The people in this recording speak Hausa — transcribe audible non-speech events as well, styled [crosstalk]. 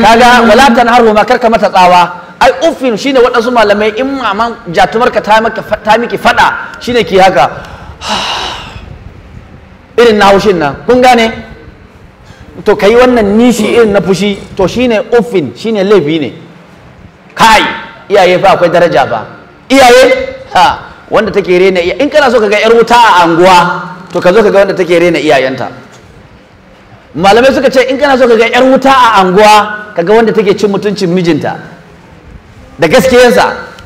kaga wala tanharu ma karka mata tsawa ai uffin shine waɗansu malamai in maman jatumarka ta maka ta miki fada shine ki haka [sighs] irin na haushin nan kun gane to kai wannan nishi irin na fushi to shine uffin shine laifi ne kai iyaye ba akwai daraja ba iyaye ha wanda take rena iya in kana so kaga yar wuta a anguwa to ka zo kaga wanda take rena iyayenta malamai suka ce in kana so kaga yar wuta a anguwa kaga wanda take cin mutuncin mijinta da gaskiyarsa